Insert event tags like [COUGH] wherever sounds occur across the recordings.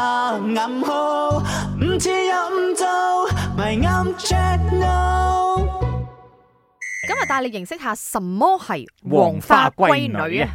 今日帶你認識下，什麼係黃花閨女啊？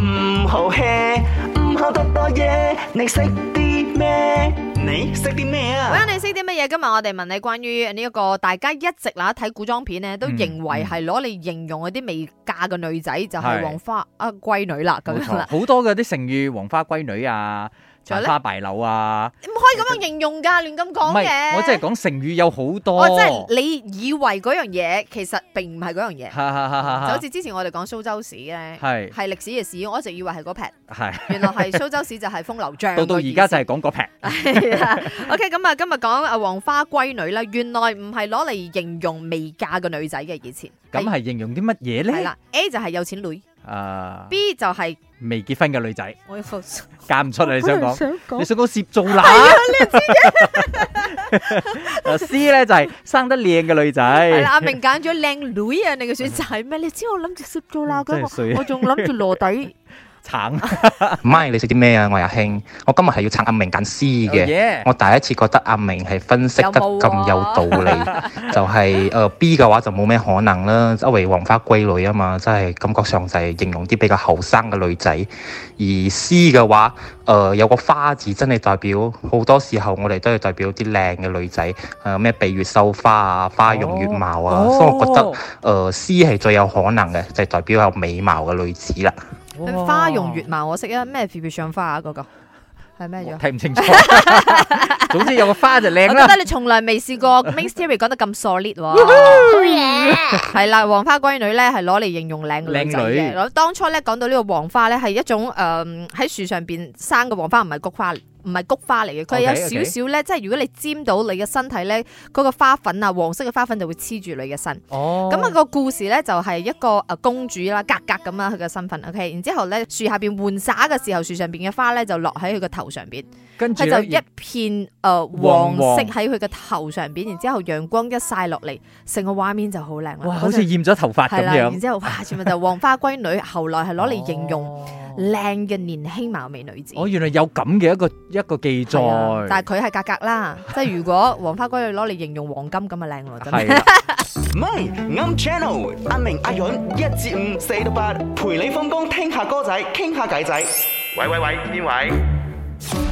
唔好吃，唔好多多嘢，你識啲咩？你識啲咩啊？咁你識啲乜嘢？今日我哋問你關於呢一個，大家一直啦睇古裝片咧，都認為係攞嚟形容嗰啲未嫁嘅女仔，就係黃花啊閨女啦。咁樣好多嘅啲成語，黃花閨女啊。花敗柳啊！你唔可以咁樣形容噶，亂咁講嘅。我真係講成語有好多。我即係你以為嗰樣嘢，其實並唔係嗰樣嘢。 [LAUGHS] 就好似之前我哋講蘇州市咧，係係歷史嘅史，我一直以為係嗰劈，係是 [LAUGHS] 原來係蘇州市就係風流賬。到到而家就係講嗰劈。 [LAUGHS] [LAUGHS] OK，咁啊，今日講啊黃花閨女啦，原來唔係攞嚟形容未嫁嘅女仔嘅以前。咁係形容啲乜嘢咧？係啦 [LAUGHS] ，A 就係有錢女。啊，B 就係、是、未結婚嘅女仔，我又揀唔出嚟。 [LAUGHS] 你想講，你想講攝灶罅，啊 C 咧就係、是、生得靚嘅女仔，係啦， [LAUGHS] 阿明揀咗靚女啊，你個選擇係咩？ [LAUGHS] 你知我諗住攝灶罅嘅，嗯、 [LAUGHS] 我仲諗住羅底。 [LAUGHS] 唔係 [LAUGHS] 你識啲咩啊？我阿兄，我今日係要撐阿明揀 C 嘅，oh, yeah. 我第一次覺得阿明係分析得咁有道理， [LAUGHS] 就係、是、誒、uh, B 嘅話就冇咩可能啦，因為黃花閨女啊嘛，即係感覺上就係形容啲比較後生嘅女仔。而 C 嘅話，誒、uh, 有個花字真係代表好多時候我哋都係代表啲靚嘅女仔，誒咩閉月羞花啊，花容月貌啊，oh. Oh. 所以我覺得誒 C 係最有可能嘅，就係、是、代表有美貌嘅女子啦。花容月貌我識啊，咩片片上花啊嗰、那個係咩樣？睇唔不清楚。 [LAUGHS] [LAUGHS] 總之有個花就靚啦。我覺得你從來未試過 m i、哦、s Terry 講得咁 solid 喎。係啦，黃花閨女咧係攞嚟形容靚女嘅。咁當初咧講到呢個黃花咧係一種誒喺樹上邊生嘅黃花，唔係菊花。唔係菊花嚟嘅，佢係有少少咧，okay, okay。即係如果你沾到你嘅身體咧，嗰個花粉啊，黃色嘅花粉就會黐住你嘅身。哦，咁啊個故事咧就係一個誒公主啦，格格咁樣佢嘅身份。OK，然之後咧樹下邊玩耍嘅時候，樹上邊嘅花咧就落喺佢個頭上邊，跟住佢就一片誒黃色喺佢嘅頭上邊，然之後陽光一曬落嚟，成個畫面就好靚啦。哇，好似染咗頭髮咁樣。然之後全部就黃花閨女， [LAUGHS] 後來係攞嚟形容。靚嘅年輕貌美女子，哦，原來有咁嘅一個一個記載，但係佢係格格啦，即係如果黃花龜去攞嚟形容黃金咁啊靚喎，真係。唔係，啱 channel，阿明、阿潤一至五四到八，陪你放工聽下歌仔，傾下偈仔。喂喂喂，邊位？